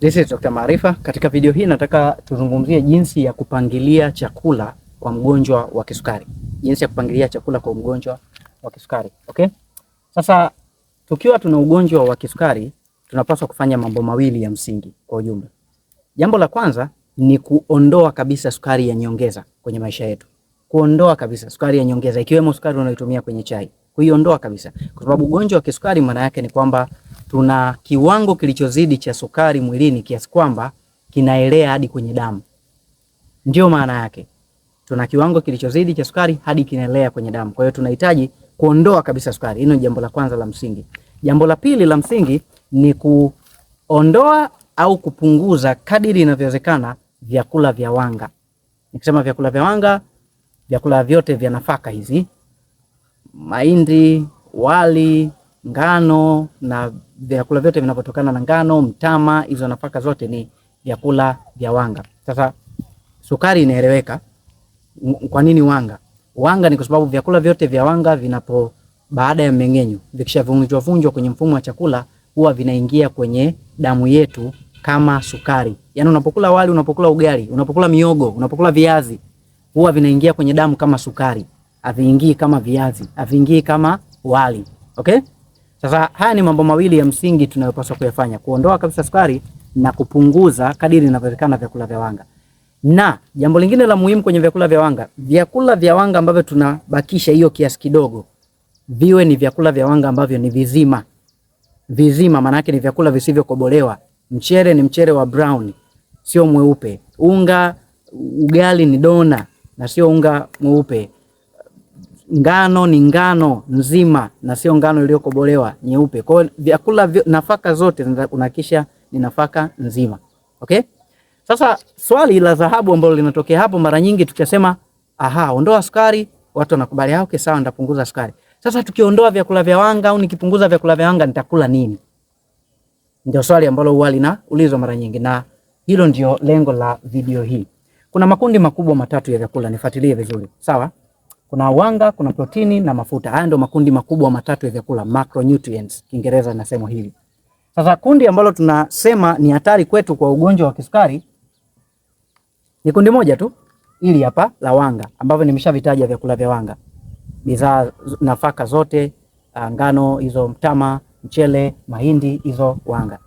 This is Dr. Maarifa. Katika video hii nataka tuzungumzie jinsi ya kupangilia chakula kwa mgonjwa wa kisukari. Jinsi ya kupangilia chakula kwa mgonjwa wa kisukari. Okay? Sasa tukiwa tuna ugonjwa wa kisukari, tunapaswa kufanya mambo mawili ya msingi kwa ujumla. Jambo la kwanza ni kuondoa kabisa sukari ya nyongeza kwenye maisha yetu. Kuondoa kabisa sukari ya nyongeza ikiwemo sukari unayotumia kwenye chai. Kuiondoa kabisa. Kwa sababu ugonjwa wa kisukari maana yake ni kwamba tuna kiwango kilichozidi cha sukari mwilini kiasi kwamba kinaelea hadi kwenye damu. ndio maana yake tuna kiwango kilichozidi cha sukari hadi kinaelea kwenye damu. Kwa hiyo tunahitaji kuondoa kabisa sukari. Hilo ni jambo la kwanza la msingi. Jambo la pili la msingi ni kuondoa au kupunguza kadiri inavyowezekana vyakula vya wanga. Nikisema vyakula vya wanga, vyakula vyote vya nafaka hizi, mahindi, wali, ngano na vyakula vyote vinavyotokana na ngano, mtama, hizo nafaka zote ni vyakula vya wanga. Sasa sukari inaeleweka. Kwa nini wanga? Wanga ni kwa sababu vyakula vyote vya wanga vinapo baada ya mmeng'enyo vikishavunjwa vunjwa kwenye mfumo wa chakula huwa vinaingia kwenye damu yetu kama sukari. Yaani unapokula wali, unapokula ugali, unapokula miogo, unapokula viazi huwa vinaingia kwenye damu kama sukari. Haviingii kama viazi, haviingii kama wali. Okay? Sasa haya ni mambo mawili ya msingi tunayopaswa kuyafanya, kuondoa kabisa sukari na kupunguza kadiri inavyowezekana vyakula vya wanga. Na jambo lingine la muhimu kwenye vyakula vya wanga, vyakula vya wanga ambavyo tunabakisha hiyo kiasi kidogo, viwe ni vyakula vya wanga ambavyo ni vizima. Vizima maana yake ni vyakula visivyokobolewa. Mchele ni mchele wa brown, sio mweupe. Unga ugali ni dona na sio unga mweupe ngano ni ngano nzima na sio ngano iliyokobolewa nyeupe. Kwa hiyo vyakula, nafaka zote unahakisha ni nafaka nzima. Okay? Sasa swali la dhahabu ambalo linatokea hapo mara nyingi tukisema, aha, ondoa sukari, watu wanakubali, ah, okay, sawa, ndapunguza sukari. Sasa tukiondoa vyakula vya wanga au nikipunguza vyakula vya wanga nitakula nini? Ndio swali ambalo huwa linaulizwa mara nyingi, na hilo ndio lengo la video hii. Kuna makundi makubwa matatu ya vyakula, nifuatilie vizuri, sawa? kuna wanga, kuna protini na mafuta. Haya ndio makundi makubwa matatu ya vyakula, macronutrients Kiingereza nasema hivi. Sasa kundi ambalo tunasema ni hatari kwetu kwa ugonjwa wa kisukari ni kundi moja tu, ili hapa la wanga, ambavyo nimeshavitaja vyakula vya wanga, bidhaa nafaka zote, ah, ngano hizo, mtama, mchele, mahindi, hizo wanga.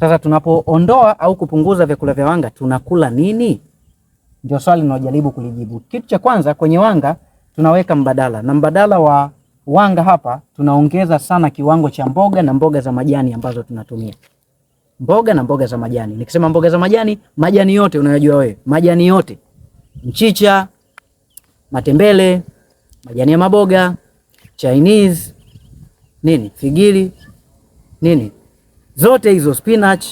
Sasa tunapoondoa au kupunguza vyakula vya wanga tunakula nini? Ndio swali ninalojaribu kulijibu. Kitu cha kwanza kwenye wanga tunaweka mbadala, na mbadala wa wanga hapa tunaongeza sana kiwango cha mboga na mboga za majani ambazo tunatumia mboga na mboga za majani. Nikisema mboga za majani, majani yote unayojua wewe, majani yote, mchicha, matembele, majani ya maboga, Chinese, nini, figili, nini, zote hizo, spinach,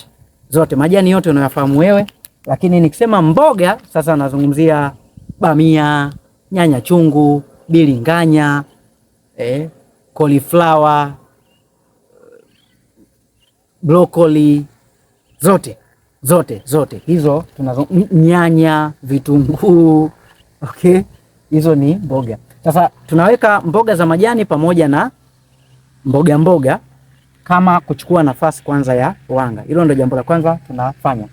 zote majani yote unayafahamu wewe. Lakini nikisema mboga, sasa nazungumzia bamia nyanya chungu, bilinganya, eh, cauliflower, broccoli, zote zote zote hizo tunazo, nyanya, vitunguu, okay, hizo ni mboga. Sasa tunaweka mboga za majani pamoja na mboga mboga kama kuchukua nafasi kwanza ya wanga. Hilo ndio jambo la kwanza tunafanya.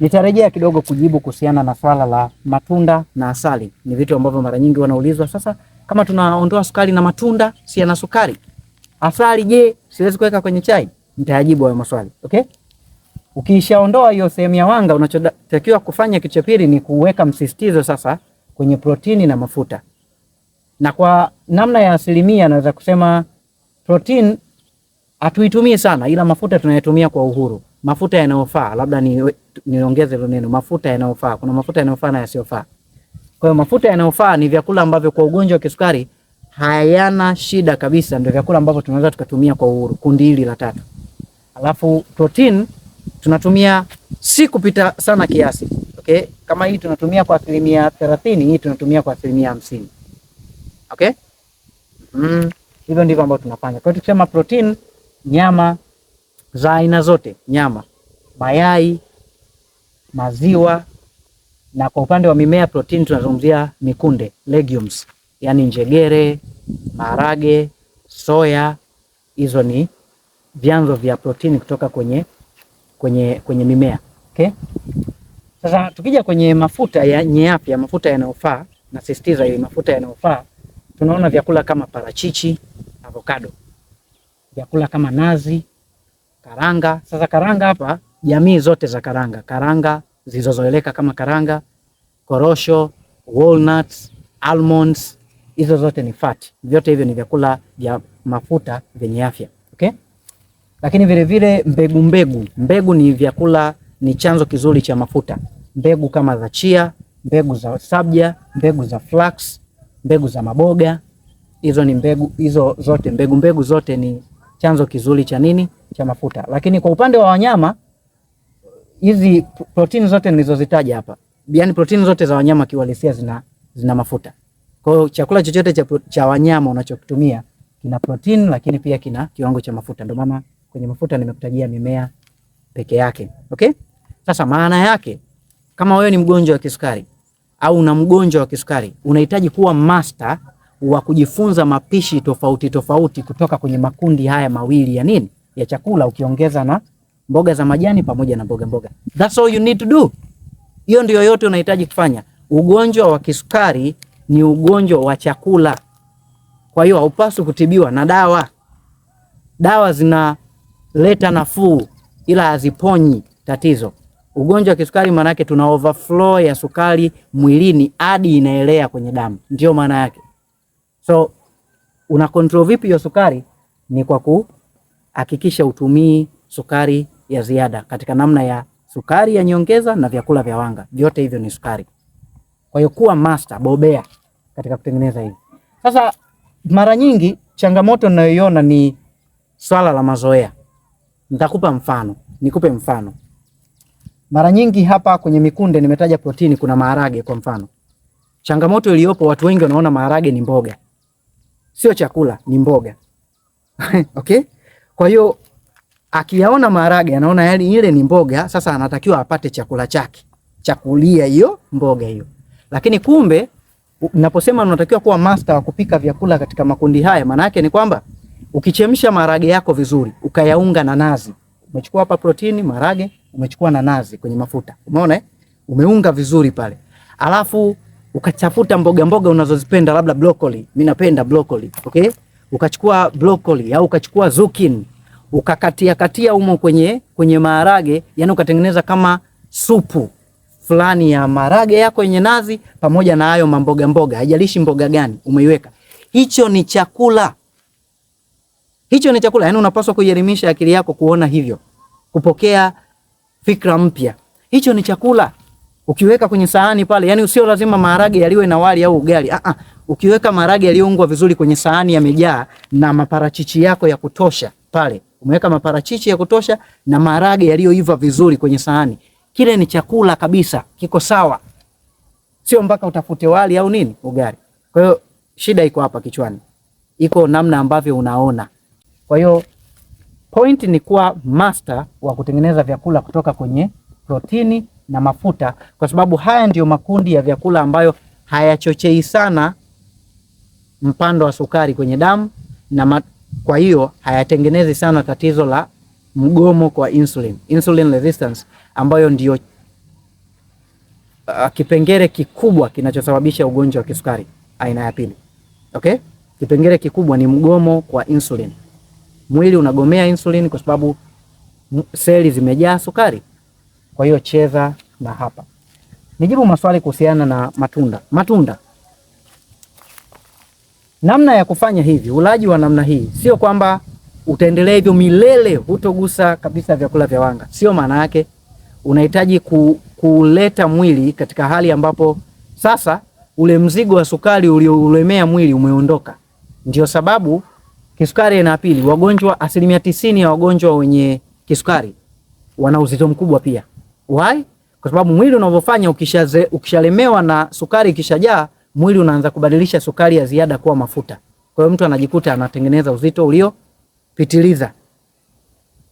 Nitarejea kidogo kujibu kuhusiana na swala la matunda na asali. Ni vitu ambavyo mara nyingi wanaulizwa. Sasa kama tunaondoa sukari na matunda, si yana sukari? Asali je, siwezi kuweka kwenye chai? Nitayajibu hayo maswali. Okay? Ukishaondoa hiyo sehemu ya wanga, unachotakiwa kufanya kitu cha pili ni kuweka msisitizo sasa kwenye protini na mafuta. Na kwa namna ya asilimia naweza kusema protini hatuitumii sana, ila mafuta tunayatumia kwa uhuru mafuta yanayofaa, labda ni niongeze hilo neno, mafuta yanayofaa. Kuna mafuta yanayofaa na yasiyofaa. Kwa hiyo mafuta yanayofaa ni vyakula ambavyo kwa ugonjwa wa kisukari hayana shida kabisa, ndio vyakula ambavyo tunaweza tukatumia kwa uhuru, kundi hili la tatu. Alafu protein tunatumia si kupita sana kiasi. Okay? Kama hii tunatumia kwa asilimia thelathini, hii tunatumia kwa asilimia hamsini. Okay? Mm, hivyo ndivyo ambavyo tunafanya. Kwa hiyo tukisema protein, nyama za aina zote, nyama, mayai, maziwa na kwa upande wa mimea protini tunazungumzia mikunde, legumes, yaani njegere, maharage, soya. Hizo ni vyanzo vya protini kutoka kwenye, kwenye, kwenye mimea okay? Sasa tukija kwenye mafuta ya afya, mafuta yanayofaa, nasisitiza ile mafuta yanayofaa, tunaona vyakula kama parachichi, avocado, vyakula kama nazi, karanga. Sasa karanga hapa jamii zote za karanga, karanga zilizozoeleka kama karanga, korosho, walnuts, almonds, hizo zote ni fat. Vyote hivyo ni vyakula vya mafuta vyenye afya okay? Lakini vile vile mbegu, mbegu mbegu ni vyakula, ni chanzo kizuri cha mafuta. Mbegu kama za chia, mbegu za sabja, mbegu za flax, mbegu za maboga, hizo ni mbegu, hizo zote mbegu, mbegu zote ni chanzo kizuri cha nini cha mafuta. Lakini kwa upande wa wanyama hizi protini zote nilizozitaja hapa, yani protini zote za wanyama kiuhalisia zina, zina mafuta. Kwa hiyo chakula chochote cha, cha wanyama unachokitumia kina protini lakini pia kina kiwango cha mafuta. Ndio maana kwenye mafuta nimekutajia mimea peke yake. Okay? Sasa maana yake kama wewe ni mgonjwa wa kisukari au una mgonjwa wa kisukari unahitaji kuwa master wa kujifunza mapishi tofauti tofauti kutoka kwenye makundi haya mawili ya nini ya chakula, ukiongeza na mboga za majani pamoja na mboga mboga. That's all you need to do. Hiyo ndio yote unahitaji kufanya. Ugonjwa wa kisukari ni ugonjwa wa chakula, kwa hiyo haupaswi kutibiwa na dawa. Dawa zinaleta nafuu, ila haziponyi tatizo. Ugonjwa wa kisukari maana yake tuna overflow ya sukari mwilini hadi inaelea kwenye damu, ndio maana yake. So una control vipi hiyo sukari? Ni kwa kuhakikisha utumii sukari ya ziada katika namna ya sukari ya nyongeza na vyakula vya wanga, vyote hivyo ni sukari. Kwa hiyo kuwa master, bobea katika kutengeneza hivi. Sasa mara nyingi changamoto ninayoiona ni swala la mazoea. Nitakupa mfano, nikupe mfano. Mara nyingi hapa kwenye mikunde nimetaja protini, kuna maharage kwa mfano. Changamoto iliyopo, watu wengi wanaona maharage ni mboga sio chakula, ni mboga okay? Kwa hiyo akiyaona maharage anaona yale ile ni mboga, sasa anatakiwa apate chakula chake chakulia hiyo mboga hiyo. Lakini kumbe naposema unatakiwa kuwa master wa kupika vyakula katika makundi haya, maana yake ni kwamba ukichemsha maharage yako vizuri, ukayaunga na nazi, umechukua hapa protini maharage, umechukua na nazi kwenye mafuta, umeona eh? umeunga vizuri pale, alafu ukatafuta mboga mboga unazozipenda labda brokoli. mimi napenda brokoli, okay? Ukachukua brokoli au ukachukua zucchini ukakatia katia umo kwenye kwenye maharage, yani ukatengeneza kama supu fulani ya maharage yako yenye nazi pamoja na hayo mamboga mboga, haijalishi mboga gani umeiweka. Hicho ni chakula, hicho ni chakula. Yani unapaswa kuielimisha akili yako kuona hivyo, kupokea fikra mpya. Hicho ni chakula ukiweka kwenye sahani pale, yani usio lazima maharage yaliwe na wali au ugali. Ah ah, ukiweka maharage yaliyoungwa vizuri kwenye sahani yamejaa na maparachichi yako ya kutosha pale, umeweka maparachichi ya kutosha na maharage yaliyoiva vizuri kwenye sahani, kile ni chakula kabisa, kiko sawa, sio mpaka utafute wali au nini ugali. Kwa hiyo shida iko hapa kichwani, iko namna ambavyo unaona. Kwa hiyo point ni kuwa master wa kutengeneza vyakula kutoka kwenye protini na mafuta, kwa sababu haya ndiyo makundi ya vyakula ambayo hayachochei sana mpando wa sukari kwenye damu na ma, kwa hiyo hayatengenezi sana tatizo la mgomo kwa insulin, insulin resistance ambayo ndiyo uh, kipengele kikubwa kinachosababisha ugonjwa wa kisukari aina ya pili. Okay? Kipengele kikubwa ni mgomo kwa insulin. Mwili unagomea insulin kwa sababu seli zimejaa sukari. Kwa hiyo cheza na hapa. Nijibu maswali kuhusiana na matunda. Matunda, namna ya kufanya hivi, ulaji wa namna hii sio kwamba utaendelea hivyo milele, hutogusa kabisa vyakula vya wanga, sio maana yake. Unahitaji ku, kuleta mwili katika hali ambapo sasa ule mzigo wa sukari ulioulemea mwili umeondoka. Ndio sababu kisukari aina ya pili, wagonjwa asilimia tisini ya wagonjwa wenye kisukari wana uzito mkubwa pia. Why? Kwa sababu mwili unavyofanya ukishaze, ukishalemewa na sukari ikishajaa, mwili unaanza kubadilisha sukari ya ziada kuwa mafuta. Kwa hiyo mtu anajikuta anatengeneza uzito uliopitiliza.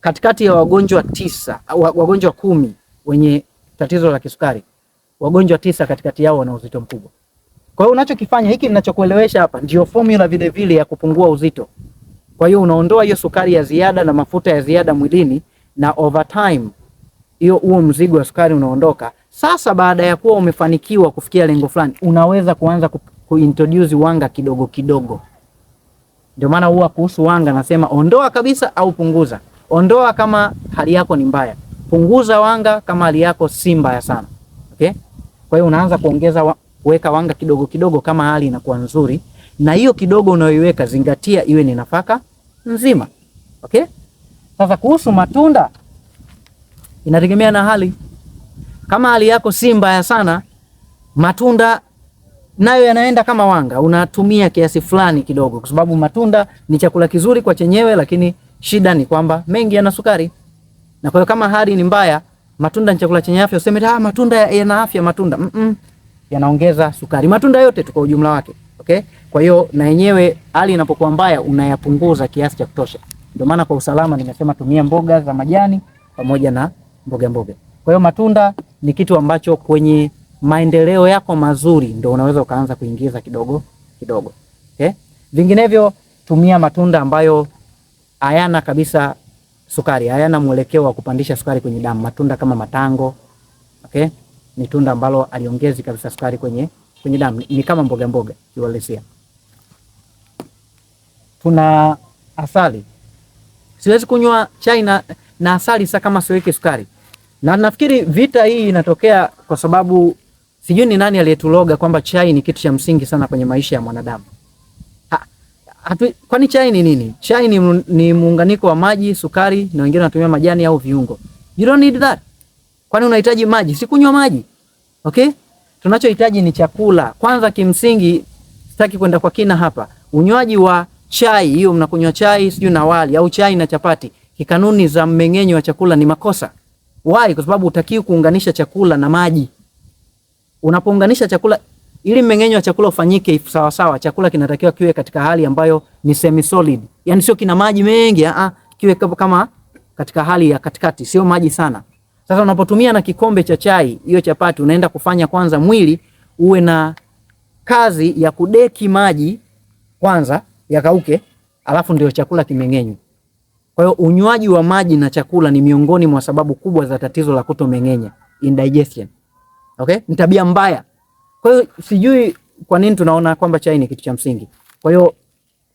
Katikati ya wagonjwa tisa, wagonjwa kumi wenye tatizo la kisukari, wagonjwa tisa katikati yao wana uzito mkubwa. Kwa hiyo unachokifanya hiki ninachokuelewesha hapa ndio formula vile vile ya kupungua uzito. Kwa hiyo unaondoa hiyo sukari ya ziada na mafuta ya ziada mwilini na over time hiyo huo mzigo wa sukari unaondoka. Sasa baada ya kuwa umefanikiwa kufikia lengo fulani, unaweza kuanza kuintroduce wanga kidogo kidogo. Ndio maana huwa kuhusu wanga nasema ondoa kabisa au punguza. Ondoa kama hali yako ni mbaya, punguza wanga kama hali yako si mbaya sana. Okay, kwa hiyo unaanza kuongeza wa, weka wanga kidogo kidogo kama hali inakuwa nzuri, na hiyo kidogo unayoiweka zingatia iwe ni nafaka nzima. Okay, sasa kuhusu matunda Inategemea na hali. Kama hali yako si mbaya sana, matunda nayo yanaenda kama wanga, unatumia kiasi fulani kidogo, kwa sababu matunda ni chakula kizuri kwa chenyewe, lakini shida ni kwamba mengi yana sukari, na kwa hiyo kama hali ni mbaya, matunda ni chakula chenye afya. Useme ah, matunda yana afya, matunda mm -mm, yanaongeza sukari, matunda yote tu kwa ujumla wake. Okay, kwa hiyo na yenyewe hali inapokuwa mbaya, unayapunguza kiasi cha kutosha. Ndio maana kwa usalama nimesema tumia mboga za majani pamoja na mboga mboga. Kwa hiyo matunda ni kitu ambacho kwenye maendeleo yako mazuri ndio unaweza ukaanza kuingiza kidogo kidogo. Okay? Eh? Vinginevyo tumia matunda ambayo hayana kabisa sukari, hayana mwelekeo wa kupandisha sukari kwenye damu. Matunda kama matango, okay? Ni tunda ambalo aliongezi kabisa sukari kwenye kwenye damu, ni kama mboga mboga kiuhalisia. Tuna asali. Siwezi kunywa chai na, na asali sasa kama siweke sukari. Na nafikiri vita hii inatokea kwa sababu sijui ni nani aliyetuloga kwamba chai ni kitu cha msingi sana kwenye maisha ya mwanadamu. kwani chai ni nini? Chai ni, ni muunganiko wa maji, sukari na wengine wanatumia majani au viungo. You don't need that. Kwani unahitaji maji? Sikunywa maji. Okay? Tunachohitaji ni chakula. Kwanza kimsingi sitaki kwenda kwa kina hapa. Unywaji wa chai hiyo mnakunywa chai sijui na wali au chai na chapati. Kikanuni za mmeng'enyo wa chakula ni makosa. Why? Kwa sababu utakiwi kuunganisha chakula na maji. Unapounganisha chakula ili mmeng'enyo wa chakula ufanyike sawa sawa, chakula kinatakiwa kiwe katika hali ambayo ni semi solid. yani sio kina maji mengi, a ah, ah, kiwe kama katika hali ya katikati, sio maji sana. Sasa unapotumia na kikombe cha chai hiyo chapati, unaenda kufanya kwanza mwili uwe na kazi ya kudeki maji kwanza yakauke, alafu ndio chakula kimeng'enywa. Kwa hiyo unywaji wa maji na chakula ni miongoni mwa sababu kubwa za tatizo la kutomeng'enya, indigestion. Okay? Ni tabia mbaya. Kwa hiyo sijui kwa nini tunaona kwamba chai ni kitu cha msingi. Kwa hiyo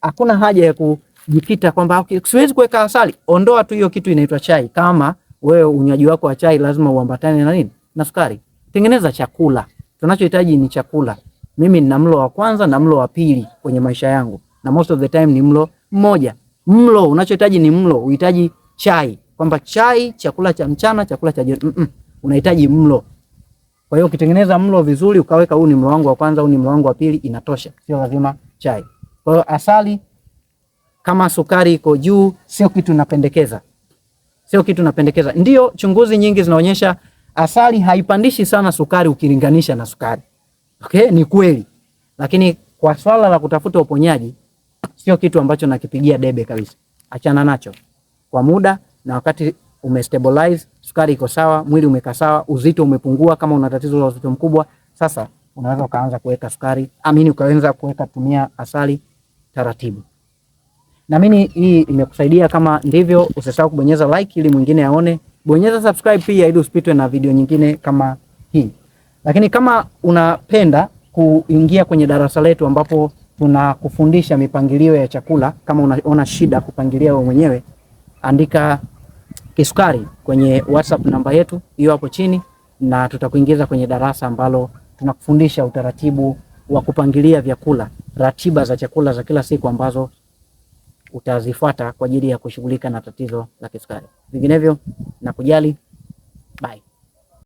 hakuna haja ya kujikita kwamba okay, siwezi kuweka asali. Ondoa tu hiyo kitu inaitwa chai. Kama wewe unywaji wako wa chai lazima uambatane na nini? Na sukari. Tengeneza chakula. Tunachohitaji ni chakula. Mimi nina mlo wa kwanza na mlo wa pili kwenye maisha yangu. Na most of the time ni mlo mmoja mlo unachohitaji ni mlo, uhitaji chai kwamba chai, chakula cha mchana, chakula cha jioni mm -mm. Unahitaji mlo. Kwa hiyo ukitengeneza mlo vizuri, ukaweka huu ni mlo wangu wa kwanza, huu ni mlo wangu wa pili, inatosha, sio lazima chai. Kwa hiyo asali, kama sukari iko juu, sio kitu napendekeza, sio kitu napendekeza. Ndio chunguzi nyingi zinaonyesha asali haipandishi sana sukari ukilinganisha na sukari. Okay, ni kweli, lakini kwa swala la kutafuta uponyaji sio kitu ambacho nakipigia debe kabisa, achana nacho kwa muda, na wakati umestabilize, sukari iko sawa, mwili umekaa sawa, uzito umepungua, kama una tatizo la uzito mkubwa, sasa unaweza ukaanza kuweka sukari amini, ukaanza kuweka tumia asali taratibu. Naamini hii imekusaidia. Kama ndivyo, usisahau kubonyeza like ili mwingine aone, bonyeza subscribe pia ili usipitwe na video nyingine kama hii. Lakini kama unapenda kuingia kwenye darasa letu ambapo tunakufundisha mipangilio ya chakula. Kama unaona shida kupangilia wewe mwenyewe, andika kisukari kwenye WhatsApp namba yetu hiyo hapo chini, na tutakuingiza kwenye darasa ambalo tunakufundisha utaratibu wa kupangilia vyakula, ratiba za chakula za kila siku ambazo utazifuata kwa ajili ya kushughulika na tatizo la kisukari. Vinginevyo na kujali, bye.